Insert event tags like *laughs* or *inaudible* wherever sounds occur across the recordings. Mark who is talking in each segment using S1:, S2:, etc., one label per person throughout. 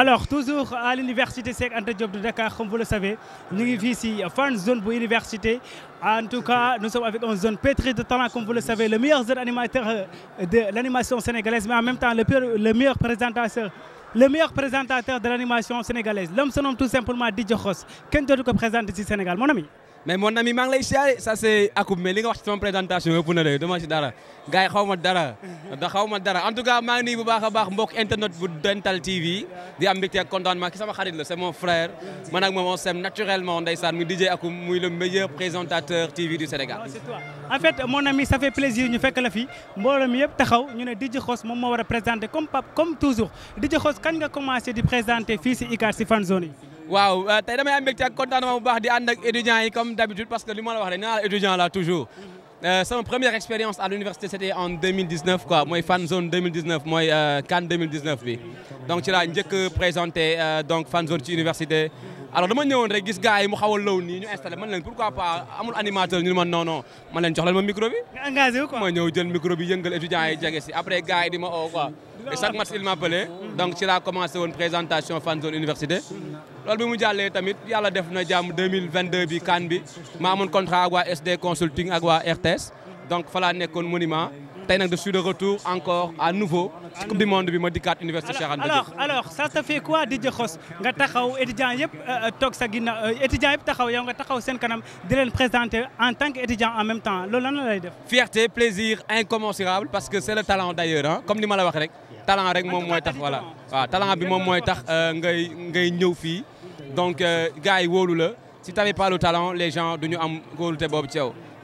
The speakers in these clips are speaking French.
S1: alors toujours à l'université c'est Anta Diop de Dakar comme vous le savez nous ici, à fin de zone pour l'université, en tout cas nous sommes avec une zone pétri de talent comme vous le savez le meilleur animateur euh, de l'animation sénégalaise mais en même temps le meilleur présentateur le meilleur présentateur de l'animation sénégalaise l'homme se nomme tout simplement qu'est-ce que tu ko présenter au Sénégal mon ami mais mon ami maa lay ça c'est coup mais li nga wax ci sama présentation yëpp na de dama ci dara gars yi xaw dara
S2: da xawma dara en tout cas mang ni bu baax baax mbok internet bu Dental TV di am mbégte ak contentement ki sama xarit la c'est mon frère man ak mom on s'aime naturellement ndeysaan muy DJ Akoub muy le meilleur présentateur TV du Sénégal
S1: ah, en fait mon ami ça fait plaisir ñu fekk la fi mbolam yépp taxaw ñu né DJ Khos moom moo war présenter comme pap comme toujours DJ Khos kan nga commencé di présenter fi ci ICAR ci fan zone Wow, tu es content ak bu étudiants comme d'habitude
S2: parce que toujours. Mhm. Euh, première expérience à l'université c'était en 2019 quoi suis fan zone 2019 suis Cannes 2019 donc tu suis présenté euh, donc fan zone université alors dama rek gis nous pourquoi pas animateur non non micro étudiants après gars ma quoi et chaque match il m'appelait donc tu commencé une présentation fan zone université me bi dit il tamit a def na de 2022 bi kan bi ma contrat avec SD consulting et RTS donc fa laa un monument je suis de retour encore à nouveau du monde université Cheikh alors
S1: alors ça fait quoi Didier Khos nga étudiant étudiant euh, euh, euh, en tant qu'étudiant en même temps
S2: fierté plaisir incommensurable parce que c'est le talent d'ailleurs. Hein. comme ni mal talent rek très voilà talent bi donc si tu pas le talent les gens duñu am ci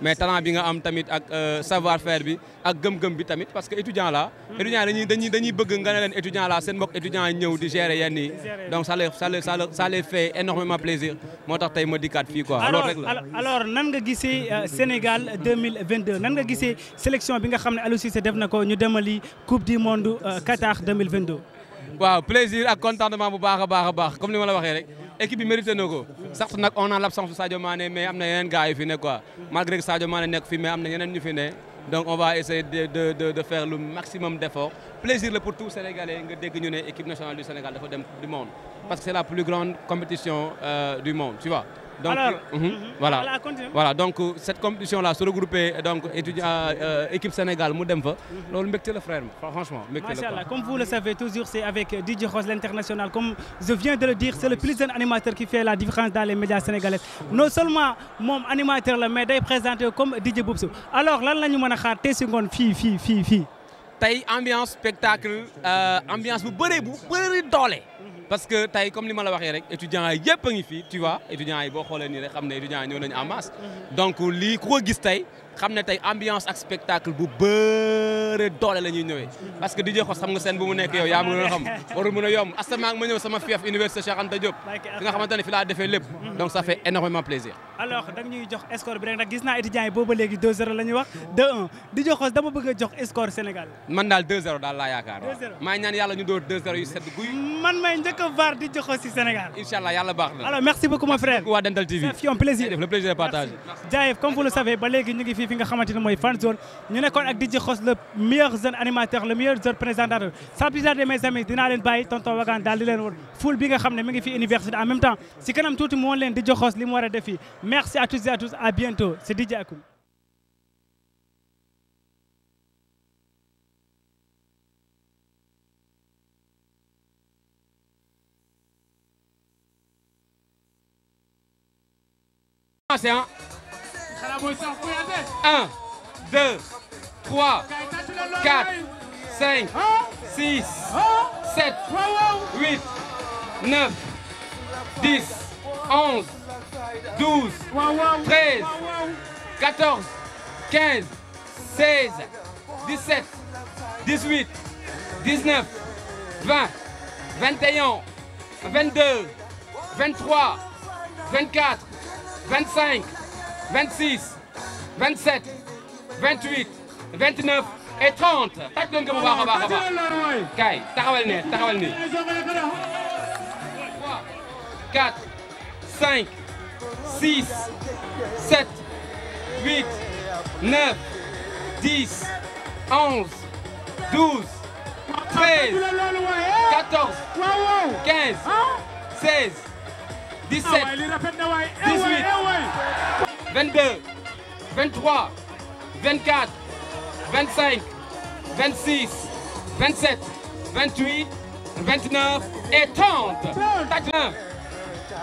S2: mais talent bi nga am tamit ak euh, savoir faire bi ak gëm-gëm bi tamit parce que étudiant la hmm. étudiant dañuy dañuy dañuy bëgg nga ne leen étudiant la sen mbok étudiant ñëw di gérer yenn yi donc ça les ça les ça les fait énormément plaisir motax tay ma dikkaat fi quoi alors rek la
S1: alors nan nga gissé euh, Sénégal 2022 nan nga gissé sélection bi nga xamné ne c'est def nako ñu démali coupe du monde euh, Qatar 2022
S2: waaw plaisir ak contentement bu baaxa baaxa baax comme ni ma la rek équipe mérite de on a l'absence de Sadio Mané mais amna yenen un gars yi fi quoi malgré que Sadio Mané venu, fi mais amna yenen ñu fi donc on va essayer de de de faire le maximum d'efforts plaisir pour pour les Sénégalais nga dégg ñu équipe nationale du Sénégal du monde parce que c'est la plus grande compétition euh, du monde tu vois alors, euh, mhm, mhm, voilà. voilà, donc euh, cette compétition-là se regrouper donc étudiant euh, équipe Sénégal Moudemve,
S1: mhm. frère franchement. comme vous le savez toujours c'est avec DJ Rose l'international comme je viens de le dire c'est le plus jeune animateur qui fait la différence dans les médias sénégalais non seulement mon animateur mais mais est présenté comme DJ Boubsou. Alors là, la ñu mën a xaar fille. fille, fille, ambiance spectacle
S2: ambiance bu bëree bu parce que tu comme la étudiants sont tu vois étudiants sont étudiants en masse mm-hmm. donc xam tay ambiance ak spectacle bu bëre doole la ñuy parce que DJ Xos xam nga seen bu mu nekk yow yaa ma ñu xam waru mëna yom yomb ak ma ñëw sama fief université Cheikh Anta Diop fi nga xamantani fi la défé lépp donc ça fait énormément plaisir
S1: alors da ñuy jox score bi rek nak gis naa étudiants bo ba légui 2 0 la wax 2 1 DJ Xos dama bëgg jox score Sénégal
S2: man dal 2 0 dal la yaakar ma ñaan yalla ñu dóor 2 0 yu sedd guy
S1: man may njëkk var
S2: di DJ ci Sénégal inshallah yalla baxna alors
S1: merci beaucoup mon frère wa Dental TV c'est un plaisir le plaisir est partagé jaayef comme vous le savez ba légui ñu ngi ci fi nga xamante ne mooy fan zone ñu nekkoon ak DJ Khos le meilleur jeune animateur le meilleur jeune présentateur sans plus tarder mes amis dinaa leen bàyyi tonton Wagan daal di leen woon foule bi nga xam ne mi ngi fi université en même temps si kanam tuuti mu woon leen DJ Khos li mu war a def fii merci à tous et à tous à bientôt c'est DJ Akoum
S3: Hein 1, 2, 3, 4, 5, 6, 7, 8, 9, 10, 11, 12, 13, 14, 15, 16, 17, 18, 19, 20, 21, 22, 23, 24, 25, 26 27 28 29 et 30 3 4 5 6 7 8 9 10 11 12 13 14 15 16 17 18 22, 23, 24, 25, 26, 27, 28, 29 et 30.
S2: 1,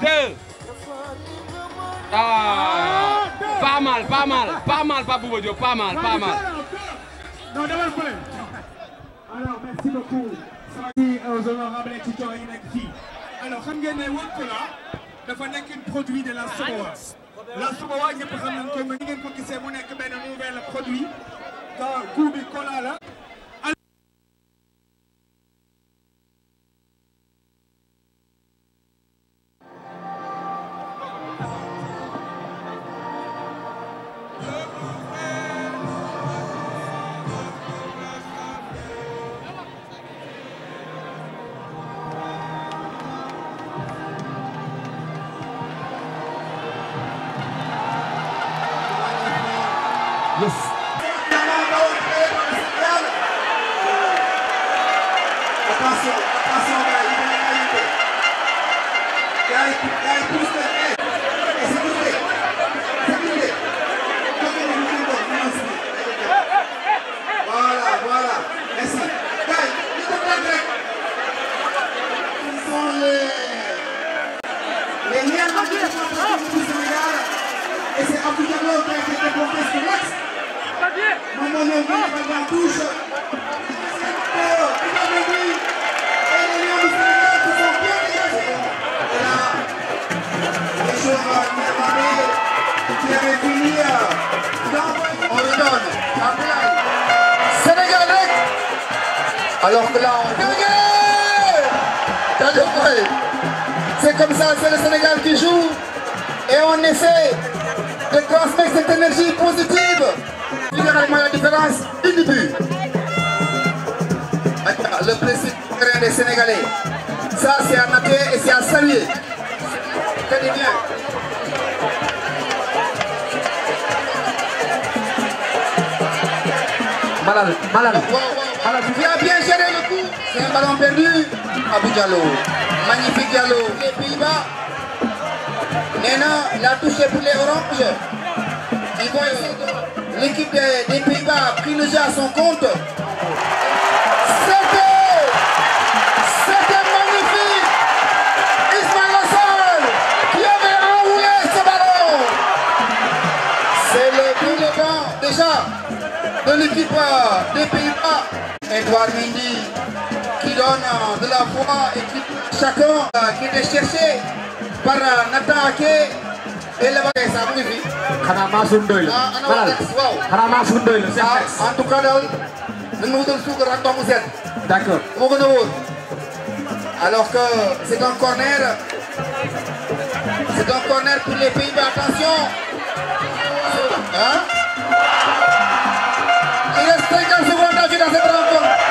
S2: 2. Ah, pas mal, pas mal, pas mal, pas mal, pas mal, pas mal.
S4: Non, Alors, merci beaucoup. Merci euh, aux honorables
S3: Alors, une produit de la Sorbonne. la suba waa ñëpp xam nañ ko mais ni ngeen ko gisee mu nekk benn nouvel produit. te goût bi cola la.
S2: Yes.
S5: c'est comme ça, c'est le Sénégal qui joue. Et on essaie de transmettre cette énergie positive. finalement la différence, du début. Le principe des Sénégalais. Ça, c'est à mater et c'est à saluer. Tenez bien. malade. Malade. Il a bien géré le coup. C'est un ballon perdu à magnifique Diallo, les Pays-Bas maintenant la a touché pour les oranges. l'équipe des Pays-Bas a pris le jeu à son compte c'était c'était magnifique Ismaël Assal qui avait enroulé ce ballon c'est le premier déjà de l'équipe euh, des Pays-Bas Edouard Mindi qui donne euh, de la foi et qui chacun euh, qui est cherché par euh, Ake et le ah, ah Ça vous dit ah, en tout cas nous nous alors que c'est un corner c'est un corner pour les pays attention. Hein? il reste 50 secondes à cette rencontre.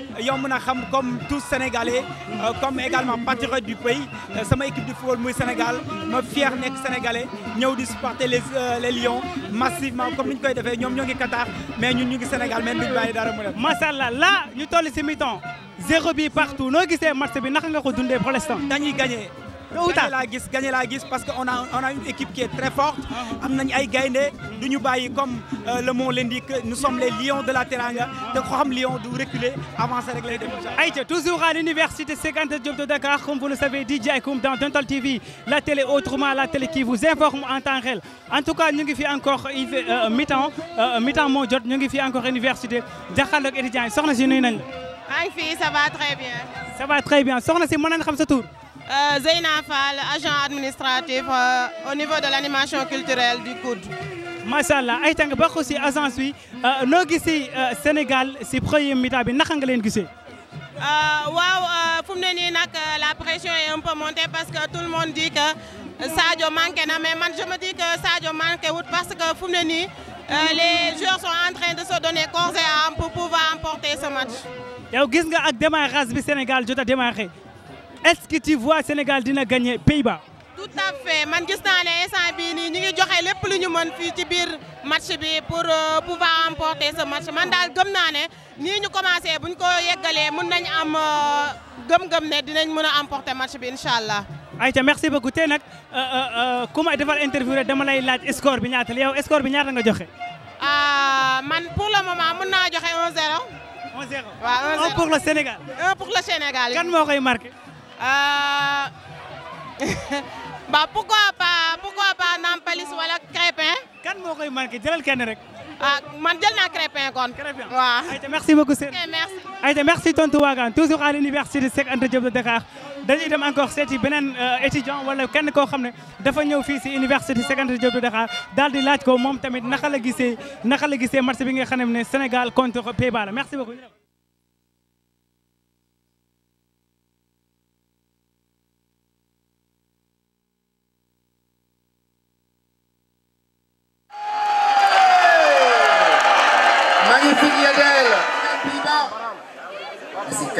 S1: yomb na xam comme tous sénégalais euh, comme également patriote du pays euh, ma équipe de football muy Sénégal ma fier nekk sénégalais ñëw di supporter les euh, les lions massivement comme ni ñu koy defee ñoom ñoo ngi Qatar mais ñun ñu Sénégal mais du bàyyi dara mu def. macha allah là ñu toll si mi zéro bi partout noo gisee match bi naka nga ko dundee pour l'instant. dañuy gagné tôt la tard gis parce qu'on a on a une équipe qui est très forte. on ay gaynde du ñu comme euh, le monde l'indique nous sommes les lions de la Teranga te ko les lions de reculer avancer rek les démocrates. toujours à l'université 50 de Dakar comme vous le savez DJ dans Dental TV la télé autrement la télé qui vous informe en temps réel en tout cas nous ngi encore euh, mi-temps euh, mi-temps Nous jot ñu ngi encore université jàkkaarloog étudiants soxna si nañ
S6: ça va très bien. ça
S1: va très bien soxna si mën
S6: euh, Zeyna agent administratif euh, au niveau de l'animation culturelle du COUD. Masha'Allah, ay tang bokk ci agence euh, sommes au euh, Sénégal, Sénégal le premier
S1: mi-temps bi le nga leen gisee.
S6: la pression est un peu montée parce que tout le monde dit que Sadio manque na mais moi je me dis que Sadio manque parce que les joueurs sont en train de se donner corps et âme pour pouvoir emporter ce match.
S1: Et au nga ak bi Sénégal jot a démarré est-ce que tu vois Sénégal dina gagner Pays-Bas.
S6: tout à fait man gis na né instant bi ni ñu ngi joxé lépp lu ñu mën fi ci biir match bi pour euh, pouvoir emporter ce match man dal gëm na né ni ñu commencé buñ ko yeggalee mën nañ am euh, gëm-gëm né dinañ mëna emporter match bi inshallah
S1: allah. merci beaucoup tey nag comment euh, ma defal interview rek dama lay laaj score bi ñaata la yow score bi ñaata nga joxe.
S6: Ah, man pour le moment mën naa joxe 1-0. 1-0 waaw pour le Sénégal. 1 pour le Sénégal. kan moo koy marqué. Euh... *laughs* bah pourquoi pas pourquoi pas Nampalis wala Crépin. kan moo koy manqué jëlal kenn rek. ah man jël naa Crépin kon. Crépin waaw ayca merci beaucoup Seydou. ok merci.
S1: ayca merci tontu Wagan toujours à l'université Cheikh Anta de Dakar dañuy dem encore euh, wala kenn koo xam ne dafa ñëw fii si université Cheikh Anta Diop de Dakar daal di laaj ko moom tamit naka la gisee naka la gisee match bi nga xam ne Sénégal contre Pays-Bas la merci beaucoup.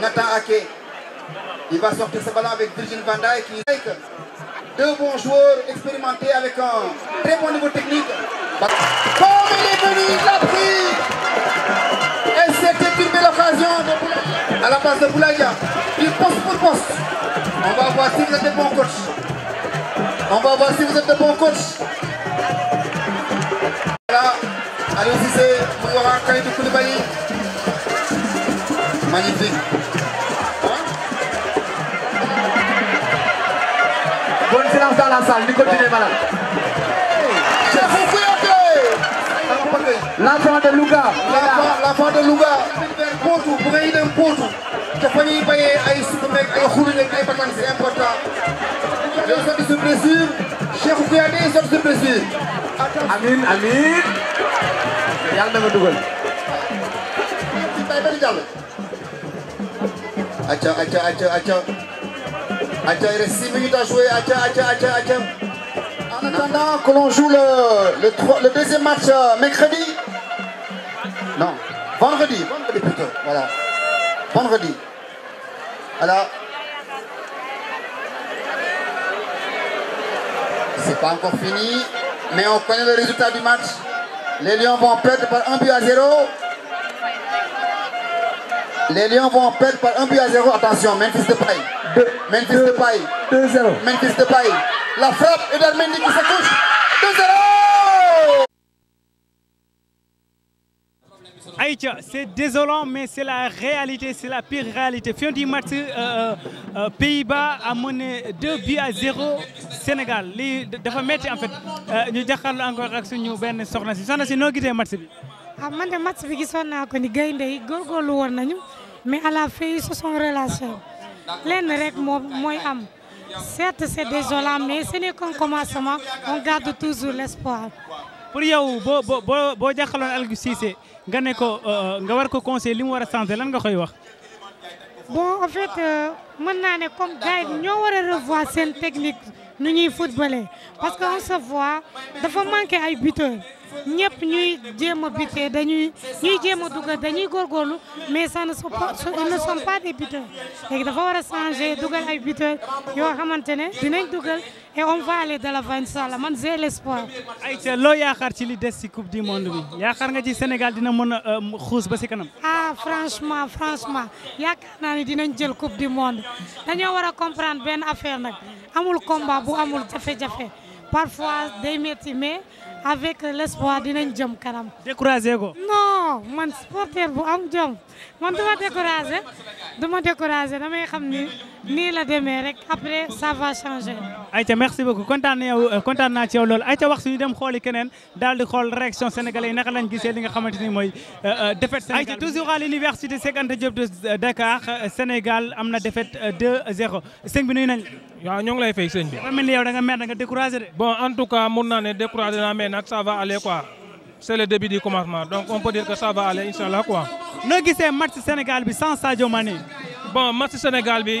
S5: Nathan Ake. Il va sortir ce ballon avec Virgin Van Qui... Deux bons joueurs expérimentés avec un très bon niveau technique. Comme il est venu, il l'a pris Et c'était une belle occasion À la base de Boulaïa, il poste pour poste. On va voir si vous êtes de bons coachs. On va voir si vous êtes de bons coachs. Voilà, allez y c'est le Magnifique. la salle ni de Louga. L'enfant de Louga. Potou bu ngay dem Potou dafa ñuy bayee ay suuf meeg ay xuru meeg ay patan c'est important. les sorties de blessure Cheikhou Kouyaté les de blessure. amiin amiin. yàlla na nga dugal. acca acca acca acca. il reste 6 minutes à jouer. Acha, Acha, Acha, Acha. En attendant que l'on joue le, le, deuxième match euh, mercredi. Non, vendredi. Vendredi plutôt. Voilà. Vendredi. Alors. C'est pas encore fini. Mais on connaît le résultat du match. Les Lions vont perdre par 1 but à 0. Les Lions vont perdre par 1 but à 0. Attention, Memphis Depay. De, Memphis Depay.
S1: 2-0. Memphis Depay. La frappe et
S5: d'Armendi qui se touche. 2-0
S1: Aïcha, c'est désolant, mais c'est la réalité, c'est la pire réalité. Fin du match, euh, euh, euh Pays-Bas a mené 2 buts à 0 Sénégal. dafa metti en fait. Nous euh, avons encore ak suñu benn soxna si soxna si noo gisee match bi.
S7: ah man de match bi gisoon ko ni gaynde yi mais à la fin ils sont relâchés relation. rek moi, am certes c'est désolant mais ce n'est qu'un commencement on garde toujours l'espoir.
S1: pour yow vous avez conseil
S7: bon en fait euh, comme gars nous revoir technique. Nous ñuy footballé parce que on se voit dafa manquer ay buteur Ñep ñuy jéma a buté dañuy ñuy jéma a dugal dañuy góorgóorlu mais ça ne sont pas ne sont pas des buteurs Et dafa wara changer dugal ay buteurs yo xamantene dinañ dugal et on va aller de l'avant inshallah man j'ai l'espoir.
S1: ayca loo yaakaar ci li dess ci coupe du monde bi yaakaar nga ci Sénégal dina mëna a euh, ba ci kanam.
S7: ah franchement franchement yaakaar naa ne dinañ jël coupe du monde dañoo wara comprendre ben affaire nak amul combat bu amul jafe-jafe parfois day métti mais avec l'espoir dinañ jëm kanam. découragé ko. non man supporter bu am jom man duma découragé duma découragé damay xam ni. ni la demee rek après ça va changer.
S1: ayca merci beaucoup kontaan na yow euh, kontaan naa ci yow loolu ayca wax suñu dem xoli kenen dal di xol réaction sénégalais yi naka lañ gisee li nga xamanteni moy euh, euh, défaite Sénégal ayca toujours à l'université Cheikh Anta Diop de Dakar Sénégal amna défaite 2-0 sëñ bi nuy nañ la.
S4: ñong ngi lay fay sëñ bi. mel ni yow da nga mer da nga découragé bon en tout cas mun na né découragé na mais nak ça va aller quoi. c'est le début du commencement donc on peut dire que ça va aller inshallah
S1: quoi. noo gisee match Sénégal bi sans Sadio Mané.
S4: bon match Sénégal bi.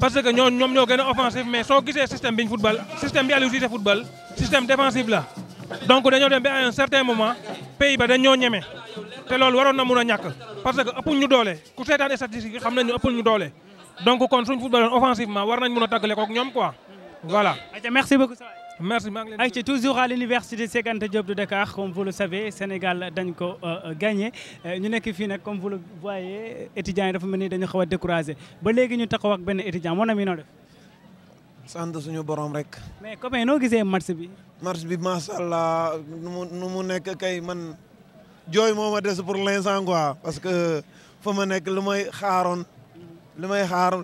S4: parce que nous sommes mais mais système de football. football système bien Aliou football système défensif donc à un certain moment pays ba dañu ñëmé na parce que ëppu ñu doolé ku sétane statistique nous donc football offensivement war nañ quoi voilà.
S1: merci beaucoup merci maa ngi leen di toujours à l'université Cheikh Diop de Dakar comme vous le savez Sénégal dañ ko euh, euh, gagné euh, ñu nekk fii nag comme vous le voyez étudiant yi dafa mel ni dañu xaw a découragé ba léegi ñu taxaw ak benn étudiant moo na mi noo def. sant suñu borom
S8: rek. mais comment noo gisee match bi. match bi macha allah nu mu nek mu kay man jooy moo ma des pour l'instant quoi parce que fa ma nekk lu may xaaroon lu may xaar.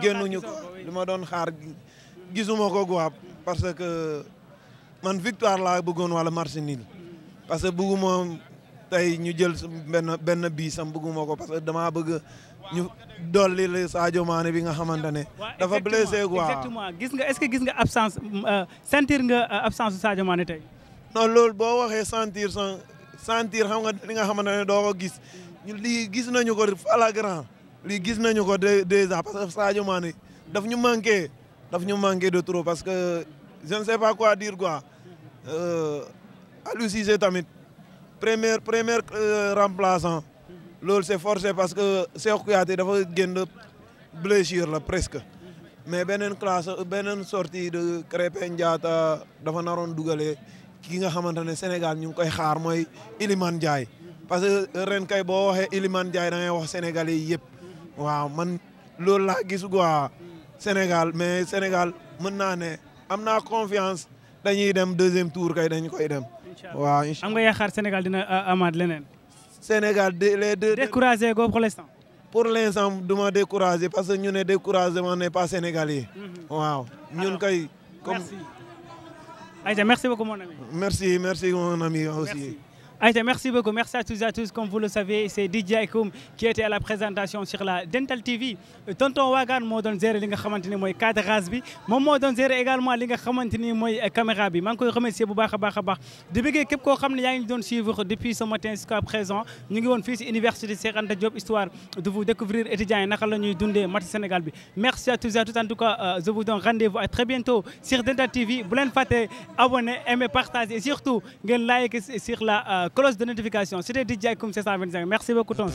S8: génnuñu ko li ma doon parce que man victoire laa bëggoon wala match nul parce que bëgguma tey ñu jël benn benn bii sam bëgguma ko parce que dama bëgg ñu dolli la Sadio Mané bi nga xamante ne. dafa blessé quoi
S1: gis nga est-ce que gis nga absence euh, sentir nga euh, absence su Sadio tey.
S8: non loolu boo waxee sentir sans sentir xam nga li nga xamante ne doo ko gis lii gis nañu ko flagrant lii gis nañu ko déjà parce que Sadio Mané daf ñu manqué daf ñu manqué de trop parce que. je ne sais pas quoi dire quoi euh, Alouci Cissé tamit premier premier euh, remplaçant L'ol c'est forcé parce que Cheikh Kouyaté dafa génn blessure la presque mais une classe une sortie de Krépin Diatta dafa naroon dugalee ki nga dans le Sénégal ñu ngi koy xaar mooy Iliman Ndiaye parce que ren kay est waxee Iliman Ndiaye da ngay wax sénégalais yi waouh waaw man l'OL laa gis quoi Sénégal mais Sénégal mën naa am naa confiance dañuy dem deuxième tour kay dañ koy dem. waaw incha am nga yaakaar Sénégal dina euh, amaat leneen. Sénégal les deux. découragé go pour l'instant. pour l'instant du découragé parce que ñu ne découragé on n'est pas sénégalais. Mhm. waaw ñun kay. comme merci. Aïcha merci beaucoup mon ami. merci merci mon ami aussi.
S1: Aïta, merci beaucoup. Merci à tous et à tous. Comme vous le savez, c'est DJ Koum qui était à la présentation sur la Dental TV. Tonton Wagan m'a donné zéro linga xamanteni moy cadre, bi. Mom mo donné zéro également linga xamanteni moy eh, caméra bi. Mang koy remercier bu baaxa baaxa baax. Di bëggé képp ko xamné yaangi suivre depuis ce matin jusqu'à présent. Ñu ngi won fi de université Cheikh Anta Diop histoire de vous découvrir étudiants naka lañuy dundé match Sénégal bi. Merci à tous et à tous. En tout cas, euh, je vous donne rendez-vous à très bientôt sur Dental TV. Bu l'en faté abonner, aimer, partager et surtout ngeen like sur la euh, cloche de notification. C'était DJ Koum 725. Merci beaucoup, Tons.